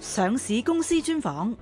上市公司專訪。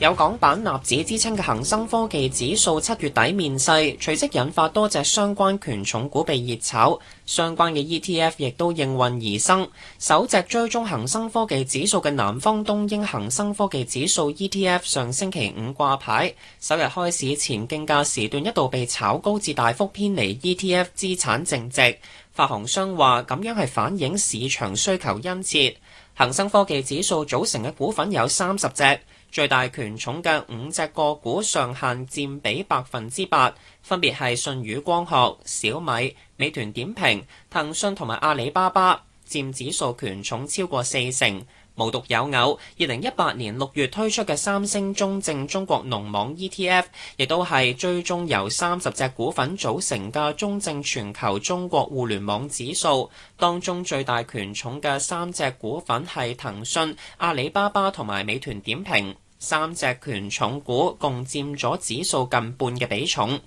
有港版納指之稱嘅恒生科技指數七月底面世，隨即引發多隻相關權重股被熱炒，相關嘅 ETF 亦都應運而生。首隻追蹤恒生科技指數嘅南方東英恒生科技指數 ETF 上星期五掛牌，首日開市前競價時段一度被炒高至大幅偏離 ETF 資產淨值。發行商話咁樣係反映市場需求殷切。恒生科技指數組成嘅股份有三十隻。最大權重嘅五隻個股上限佔比百分之八，分別係舜宇光學、小米、美團點評、騰訊同埋阿里巴巴。佔指數權重超過四成，無獨有偶，二零一八年六月推出嘅三星中證中國龍網 ETF，亦都係追蹤由三十隻股份組成嘅中證全球中國互聯網指數，當中最大權重嘅三隻股份係騰訊、阿里巴巴同埋美團點評。三隻權重股共佔咗指數近半嘅比重。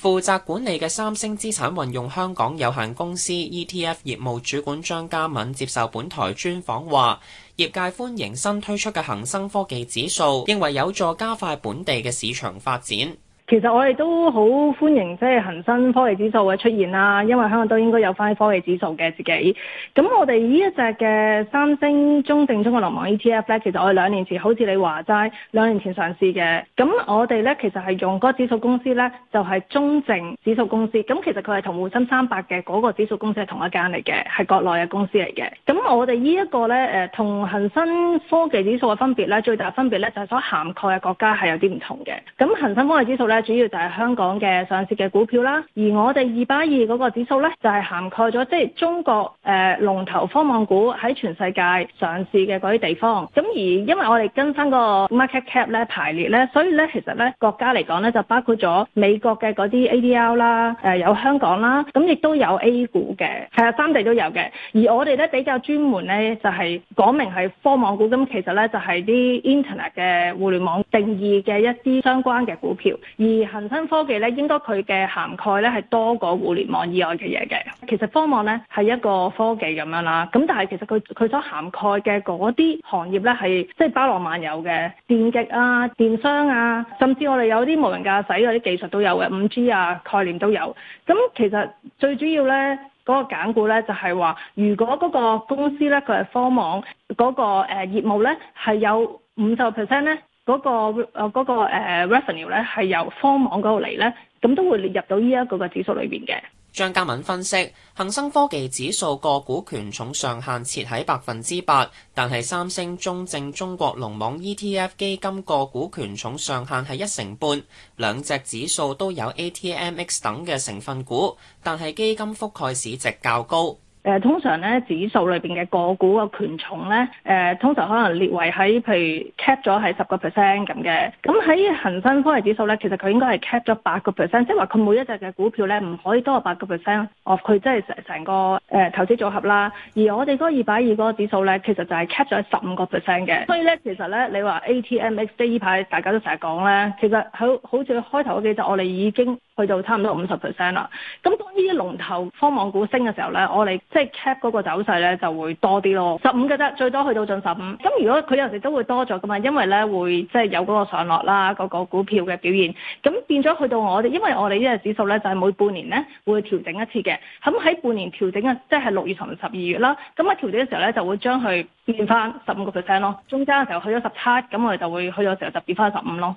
負責管理嘅三星資產運用香港有限公司 ETF 業務主管張嘉敏接受本台專訪話：業界歡迎新推出嘅恒生科技指數，認為有助加快本地嘅市場發展。其實我哋都好歡迎即係恆生科技指數嘅出現啦，因為香港都應該有翻科技指數嘅自己。咁我哋呢一隻嘅三星中證、中國龍網 ETF 咧，其實我哋兩年前好似你話齋兩年前上市嘅。咁我哋咧其實係用嗰指數公司咧，就係、是、中證指數公司。咁其實佢係同滬深三百嘅嗰個指數公司係同一間嚟嘅，係國內嘅公司嚟嘅。咁我哋呢一個咧誒，同、呃、恒生科技指數嘅分別咧，最大分別咧就係、是、所涵蓋嘅國家係有啲唔同嘅。咁恒生科技指數咧。主要就係香港嘅上市嘅股票啦，而我哋二八二嗰個指數咧，就係、是、涵蓋咗即係中國誒龍、呃、頭科網股喺全世界上市嘅嗰啲地方。咁而因為我哋跟翻個 market cap 咧排列咧，所以咧其實咧國家嚟講咧就包括咗美國嘅嗰啲 ADR 啦，誒、呃、有香港啦，咁亦都有 A 股嘅，係、呃、啊，三地都有嘅。而我哋咧比較專門咧就係、是、講明係科網股，咁其實咧就係、是、啲 internet 嘅互聯網定義嘅一啲相關嘅股票，而恒生科技咧，應該佢嘅涵蓋咧係多過互聯網以外嘅嘢嘅。其實科網咧係一個科技咁樣啦，咁但係其實佢佢所涵蓋嘅嗰啲行業咧係即係包羅萬有嘅，電極啊、電商啊，甚至我哋有啲無人駕駛嗰啲技術都有嘅，五 G 啊概念都有。咁其實最主要咧嗰、那個揀股咧就係話，如果嗰個公司咧佢係科網嗰、那個誒、呃、業務咧係有五十 percent 咧。嗰個誒嗰 Revenue 咧，係由科網嗰度嚟咧，咁都會列入到呢一個嘅指數裏邊嘅。張嘉敏分析，恒生科技指數個股權重上限設喺百分之八，但係三星、中證、中國龍網 ETF 基金個股權重上限係一成半。兩隻指數都有 ATMX 等嘅成分股，但係基金覆蓋市值較高。誒、呃、通常咧，指數裏邊嘅個股嘅權重咧，誒、呃、通常可能列為喺譬如 cap 咗喺十個 percent 咁嘅。咁喺恒生科技指數咧，其實佢應該係 cap 咗八個 percent，即係話佢每一隻嘅股票咧，唔可以多過八個 percent of 佢即係成成個誒投資組合啦。而我哋嗰二百二嗰個指數咧，其實就係 cap 咗十五個 percent 嘅。所以咧，其實咧，你話 ATMX 呢依排大家都成日講咧，其實好好似開頭嗰幾隻我哋已經。去到差唔多五十 percent 啦，咁當呢啲龍頭科網股升嘅時候咧，我哋即係 cap 嗰個走勢咧就會多啲咯，十五嘅啫，最多去到盡十五。咁如果佢有時都會多咗噶嘛，因為咧會即係有嗰個上落啦，嗰個股票嘅表現。咁變咗去到我哋，因為我哋呢個指數咧就係每半年咧會調整一次嘅。咁喺半年調整嘅，即係六月同十二月啦。咁啊調整嘅時候咧就會將佢變翻十五個 percent 咯。中間嘅時候去咗十七，咁我哋就會去咗時候就變翻十五咯。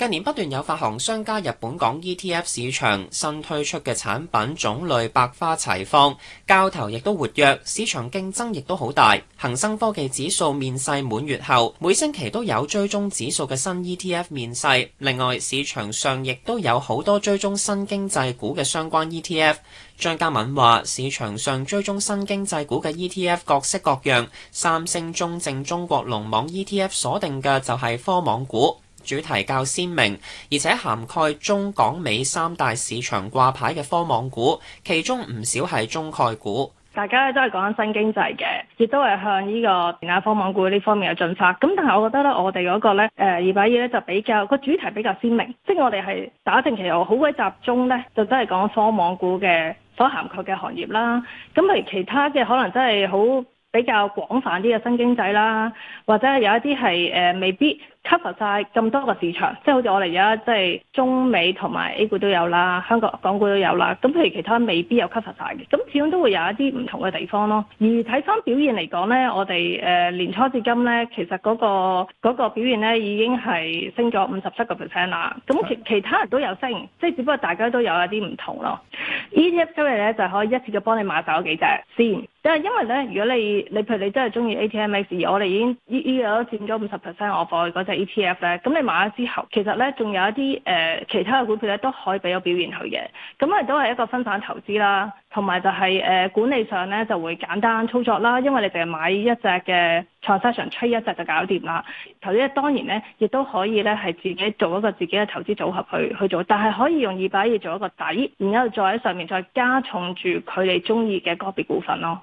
近年不斷有發行商加入本港 ETF 市場，新推出嘅產品種類百花齊放，交投亦都活躍，市場競爭亦都好大。恒生科技指數面世滿月後，每星期都有追蹤指數嘅新 ETF 面世。另外，市場上亦都有好多追蹤新經濟股嘅相關 ETF。張嘉敏話：市場上追蹤新經濟股嘅 ETF 各色各樣，三星中證、中國龍網 ETF 鎖定嘅就係科網股。主題較鮮明，而且涵蓋中港美三大市場掛牌嘅科網股，其中唔少係中概股。大家咧都係講緊新經濟嘅，亦都係向呢、這個電壓科網股呢方面嘅進發。咁但係我覺得咧、那個，我哋嗰個咧誒二百二咧就比較、那個主題比較鮮明，即、就、係、是、我哋係打定旗號好鬼集中咧，就真係講科網股嘅所涵蓋嘅行業啦。咁例如其他嘅可能真係好比較廣泛啲嘅新經濟啦，或者係有一啲係誒未必。吸 o v 咁多個市場，即係好似我哋而家即係中美同埋 A 股都有啦，香港港股都有啦。咁譬如其他未必有吸 o v 嘅，咁始終都會有一啲唔同嘅地方咯。而睇翻表現嚟講呢，我哋誒、呃、年初至今呢，其實嗰、那個那個表現呢已經係升咗五十七個 percent 啦。咁其其他人都有升，即係只不過大家都有一啲唔同咯。ETF 今日呢就可以一次就幫你買曬嗰幾隻先，就係因為呢，如果你你譬如你真係中意 ATM X，而我哋已經依依個都佔咗五十 percent 我放去 ETF 咧，咁你買咗之後，其實咧仲有一啲誒、呃、其他嘅股票咧都可以俾到表現佢嘅，咁咧都係一個分散投資啦，同埋就係、是、誒、呃、管理上咧就會簡單操作啦，因為你淨係買一隻嘅 transaction trade 一隻就搞掂啦。投資當然咧亦都可以咧係自己做一個自己嘅投資組合去去做，但係可以用二百一做一個底，然後再喺上面再加重住佢哋中意嘅個別股份咯。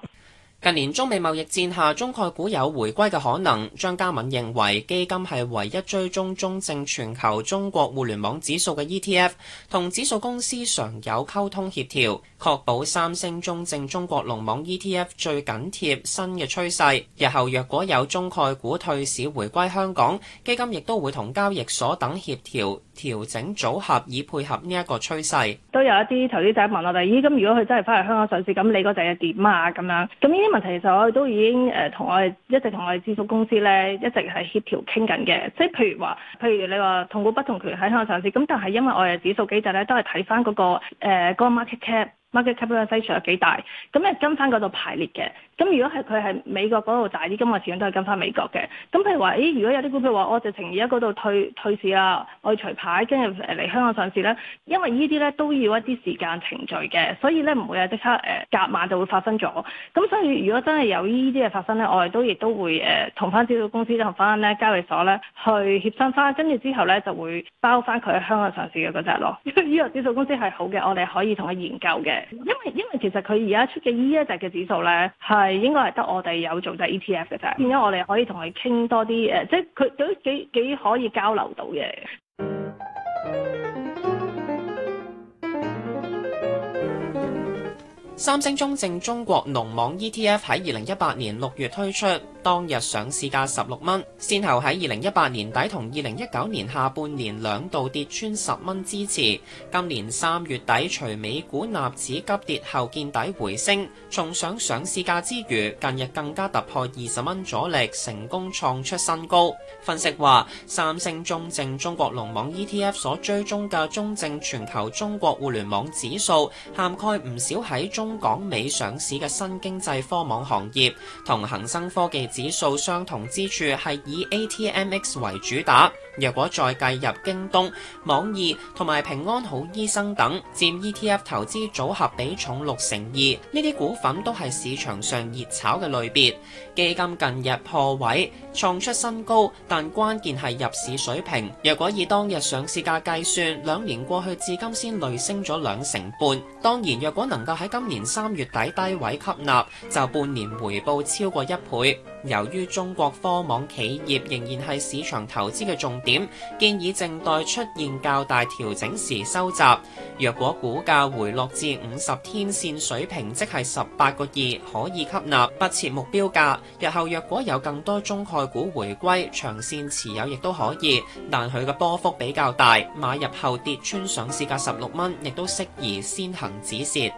近年中美貿易戰下，中概股有回歸嘅可能。張嘉敏認為基金係唯一追蹤中證全球中國互聯網指數嘅 ETF，同指數公司常有溝通協調，確保三星中證中國龍網 ETF 最緊貼新嘅趨勢。日後若果有中概股退市回歸香港，基金亦都會同交易所等協調。調整組合以配合呢一個趨勢，都有一啲投資者問我哋：咦，咁如果佢真係翻嚟香港上市，咁你嗰隻又點啊？咁樣，咁呢啲問題，其實我哋都已經誒同我哋一直同我哋指數公司咧，一直係協調傾緊嘅。即係譬如話，譬如你話同股不同權喺香港上市，咁但係因為我哋指數機制咧，都係睇翻嗰個誒嗰個、呃嗰個 market cap。market capitalization 有幾大，咁誒跟翻嗰度排列嘅。咁如果係佢係美國嗰度大啲，咁我始終都係跟翻美國嘅。咁譬如話，誒、欸、如果有啲股票話，我直情而家嗰度退退市啊，我除牌跟住誒嚟香港上市咧，因為呢啲咧都要一啲時間程序嘅，所以咧唔會係即刻誒夾、呃、晚就會發生咗。咁所以如果真係有呢啲嘢發生咧，我哋都亦都會誒同翻指數公司同翻咧交易所咧去協商翻，跟住之後咧就會包翻佢喺香港上市嘅嗰隻咯。因為依個指數公司係好嘅，我哋可以同佢研究嘅。因為因為其實佢而家出嘅 e 一隻嘅指數咧，係應該係得我哋有做得 E T F 嘅啫，咁樣我哋可以同佢傾多啲誒，即係佢都幾幾可以交流到嘅。三星中證中國龍網 E T F 喺二零一八年六月推出。當日上市價十六蚊，先後喺二零一八年底同二零一九年下半年兩度跌穿十蚊支持。今年三月底隨美股納指急跌後見底回升，重上上市價之餘，近日更加突破二十蚊阻力，成功創出新高。分析話，三星中證中國龍網 ETF 所追蹤嘅中證全球中國互聯網指數，涵蓋唔少喺中港美上市嘅新經濟科網行業同恒生科技。指數相同之處係以 ATMX 為主打。若果再計入京東網易同埋平安好醫生等，佔 ETF 投資組合比重六成二，呢啲股份都係市場上熱炒嘅類別。基金近日破位，創出新高，但關鍵係入市水平。若果以當日上市價計算，兩年過去至今先累升咗兩成半。當然，若果能夠喺今年三月底低位吸納，就半年回報超過一倍。由於中國科網企業仍然係市場投資嘅重點，點建議靜待出現較大調整時收集。若果股價回落至五十天線水平，即係十八個二，可以吸納，不設目標價。日後若果有更多中概股回歸，長線持有亦都可以。但佢嘅波幅比較大，買入後跌穿上市價十六蚊，亦都適宜先行止蝕。